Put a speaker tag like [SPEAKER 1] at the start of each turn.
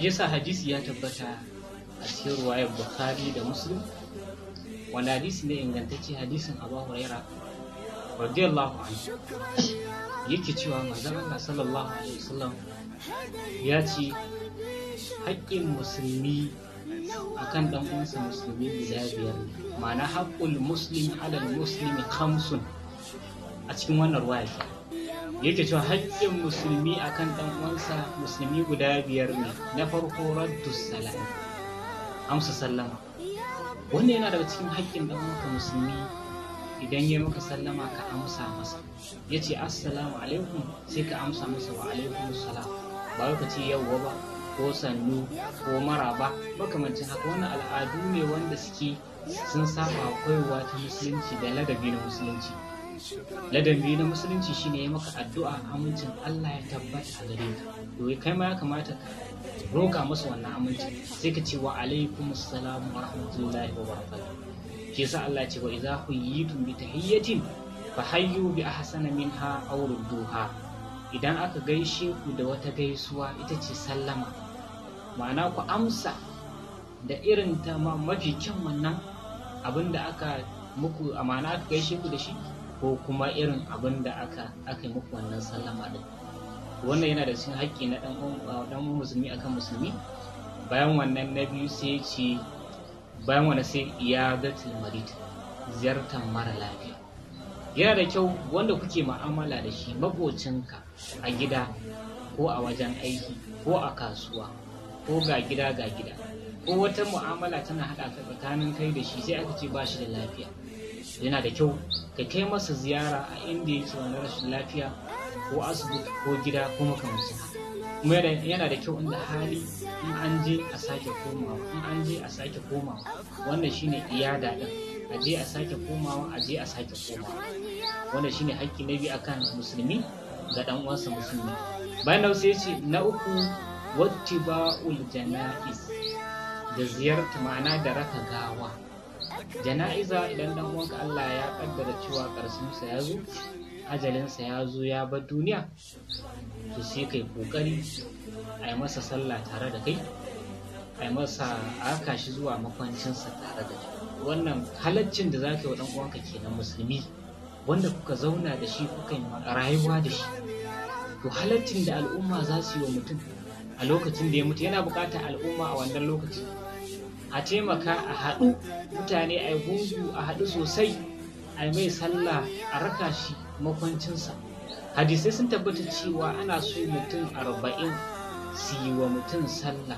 [SPEAKER 1] yasa hadisi ya tabbata a cikin ruwayar bukhari da muslim wanda hadisi ne ingantacce hadisin abu huraira radiyallahu anhu yake cewa manzon Allah sallallahu alaihi wasallam ya ce haƙƙin musulmi akan dan uwansa musulmi guda biyar ma'ana haƙƙul muslim alal muslimi khamsun a cikin wannan ruwaya yake cewa hakkin musulmi akan ɗan uwansa musulmi guda biyar ne na farko raddu salam amsa sallama wannan yana daga cikin haƙƙin ɗan uwanka musulmi idan ya maka sallama ka amsa masa ya ce assalamu alaikum sai ka amsa masa wa alaikum salam ba ka ce yawwa ba ko sannu ko mara ba makamancin haka wani al'adu ne wanda suke sun saba koyarwa ta musulunci da ladabi na musulunci ladabi na musulunci shine ya maka addu'a amincin Allah ya tabbata a gare ka to kai ma ya kamata ka roka masa wannan amincin. sai ka ce wa alaikum assalamu wa rahmatullahi wa barakatuh shi yasa Allah ya ce wa idza huyitum bi tahiyyatin fa hayyu bi ahsana minha aw rudduha idan aka gaishe ku da wata gaisuwa ita ce sallama ma'ana ku amsa da irin ta ma mafi kyan wannan abin aka muku amana aka gaishe ku da shi ko kuma irin abin da aka aka muku wannan sallama din wannan yana da cikin haƙƙi na dan musulmi akan musulmi bayan wannan na biyu sai ce bayan wannan sai ya ga tilmarit ziyartar mara lafiya yana da kyau wanda kuke ma'amala da shi maƙocinka a gida ko a wajen aiki ko a kasuwa ko ga gida ga gida ko wata mu'amala tana haɗa tsakanin kai da shi sai aka ce ba shi da lafiya yana da kyau ka kai masa ziyara a inda yake wani rashin lafiya ko asibiti ko gida ko makamancin kuma yana da kyau inda hali in an je a sake komawa in an je a sake komawa wannan shine iyada din a je a sake komawa a je a sake komawa wannan shine hakki na biyu akan musulmi ga dan uwansa musulmi bayan da sai ce na uku wattiba'ul jana'iz da ziyarta ma'ana da raka gawa jana'iza idan dan uwan Allah ya kaddara cewa sa ya zo ajalinsa ya zo ya bar duniya to sai kai kokari a masa sallah tare da kai a yi masa aka shi zuwa makwancinsa tare da kai wannan halaccin da za yi wa uwanka kenan musulmi wanda kuka zauna da shi kuka yi rayuwa da shi to halaccin da al'umma za su yi wa mutum a lokacin da ya mutu yana buƙatar al'umma a wannan lokacin a taimaka a haɗu mutane a yi a haɗu sosai a mai sallah a raka shi makwancinsa hadisai sun tabbata cewa ana so mutum arba'in su yi wa mutum sallah